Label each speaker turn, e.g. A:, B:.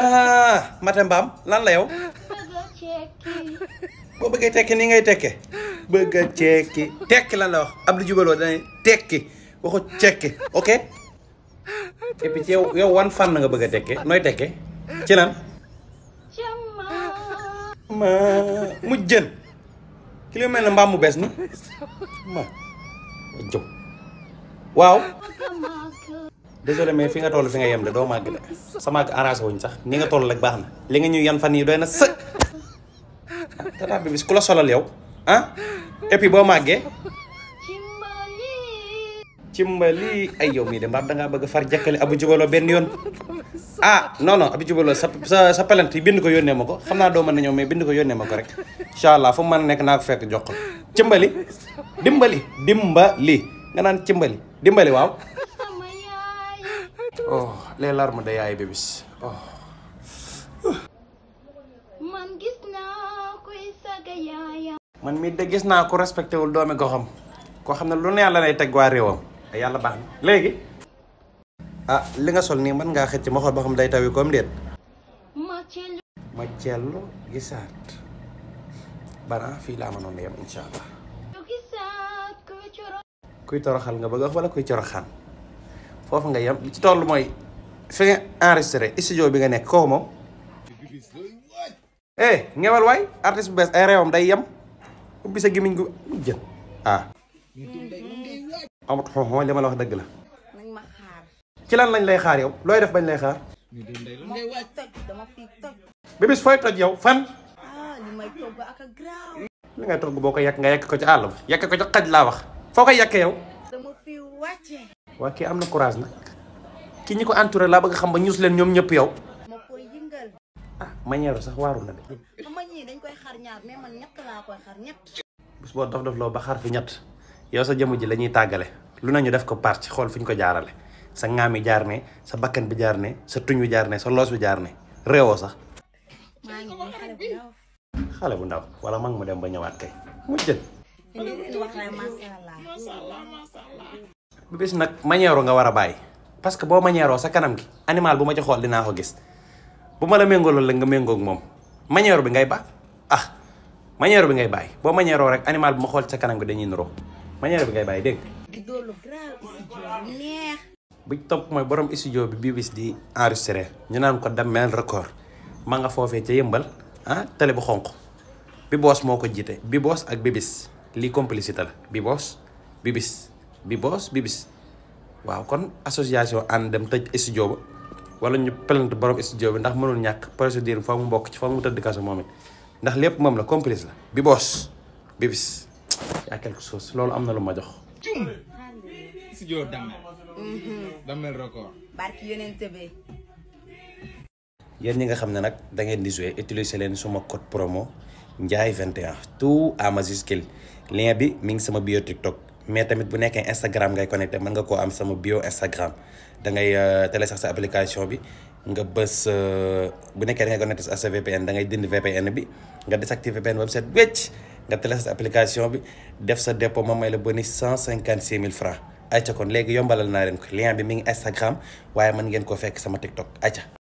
A: ah Maté Mbaam lan la yow. boo bëggee tekki ni ngay tekke bëgg a cekki tekki lan la wax Abdou Jubaloo dana tekki waxu cekki ok. et ci yow yow wan fànn nga bëgg a tekke nooy tekke ci lan. ma mu jën ki li mbaam mu bees ni waaw désolé mais fi nga toll fi nga yem de doo màgg de sa màgg arrangé wuñ sax ni nga toll la baax na li nga ñu yan fan yi doy na sëkk tata bi bis ku la solal yow ah et boo màggee ay yow mii de mbaar dangaa bëgg far jàkkale abu jubaloo benn yoon ah non non abu jubaloo sa sa sa yi bind ko yónnee ma ko xam naa doo mën na ñëw mais bind ko yónnee ma ko rek incha allah fu mu mën a nekk naa ko fekk jox ko cimbali dimbali dimbali nga naan cimbali dimbali waaw oh les larmes de yaay bébis oh. man gis naa kuy saga yaayam. man mii de gis naa ko respecté wul doomi goxam koo xam ne lu ne yàlla lay teg waa réewam yàlla baax na léegi. ah li nga sol nii mën ngaa xëcc ma xool ba xam day taw yi comme déet. ma cellu gisaat bana fii laa mënoon yem incha allah. kuy toroxal nga bëgg a wax kuy coroxaan. foofu nga yem ci toll mooy fi nga enregistré studio bi nga nekk kooku moom eh ngewal waay artiste bu bees ay réewam day yem ubbi sa gémmiñ gu jën ah amut xonxon li ma la wax dëgg la ci lan lañ lay xaar yow looy def bañ lay xaar bi bis fooy toj yow fan ah, li ngay togg boo ko yàq nga yàq ko ci àll ba ko ci xaj laa wax foo koy yàq yow waa kii am na courage nag ki ñi ko entouré laa bëgg xam ba ñuus leen ñoom ñëpp yow. ma koy yëngal. ah manière sax waaru na de. xam nga dañ koy xar ñaar mais man ñett laa koy xar ñett. loo ba xar fi ñett yow sa jëmm ji la ñuy tàggale lu nañu def ko parti xool fi ñu ko jaarale sa ŋaam yi jaar ne sa bakkan bi jaar ne sa tuñ bi jaar ne sa loos bi jaar ne réewoo sax. xale bu ndaw. xale wala mag mu dem ba ñëwaat kay mu jël. bu bis nag mañeeru nga war a bàyyi parce que boo mañeeroo sa kanam gi animal bu ma ci dinaa ko gis bu ma la méngooloo la nga méngook moom mañeeru bi ngay ba ah mañeeru bi ngay bàyyi boo mañeeroo rek animal bu ma xool ci sa kanam gi dañuy niroo mañeeru bi ngay bàyyi dégg bu topp mooy borom studio bi bi bis di enregistré ñu naan ko Damel Record ma nga foofee ca yëmbal ah télé bu xonq bi boos moo ko jiite bi boos ak bibis lii complicité la bi boos bibis bi boos bi bis waaw kon association ànd dem tëj studio ba wala ñu plainte borom studio bi ndax mënul ñàkk procédure fa mu mbokk ci fa mu tëdd kaso moom it ndax lépp moom la complice la bi boos bi bis yaa quelque chose loolu am na lu ma jox studio Damel mhm. Damel record barki nga xam ne nag da ngeen di jouer utiliser leen suma code promo Ndiaye 21 tout à majuscule lien bi mi ngi sama bio TikTok mais tamit bu nekkee Instagram ngay connecté mën nga koo am sama bio Instagram da ngay euh, télécharger sa application bi nga bës euh, bu nekkee da ngay sa VPN da ngay dindi VPN bi nga désactiver VPN ba mu set wécc nga télécharger application bi def sa dépôt ma may la bonus cent cinquante six mille francs ayca kon léegi yombalal naa leen ko lien bi mi ngi Instagram waaye mën ngeen koo fekk sama TikTok ayca.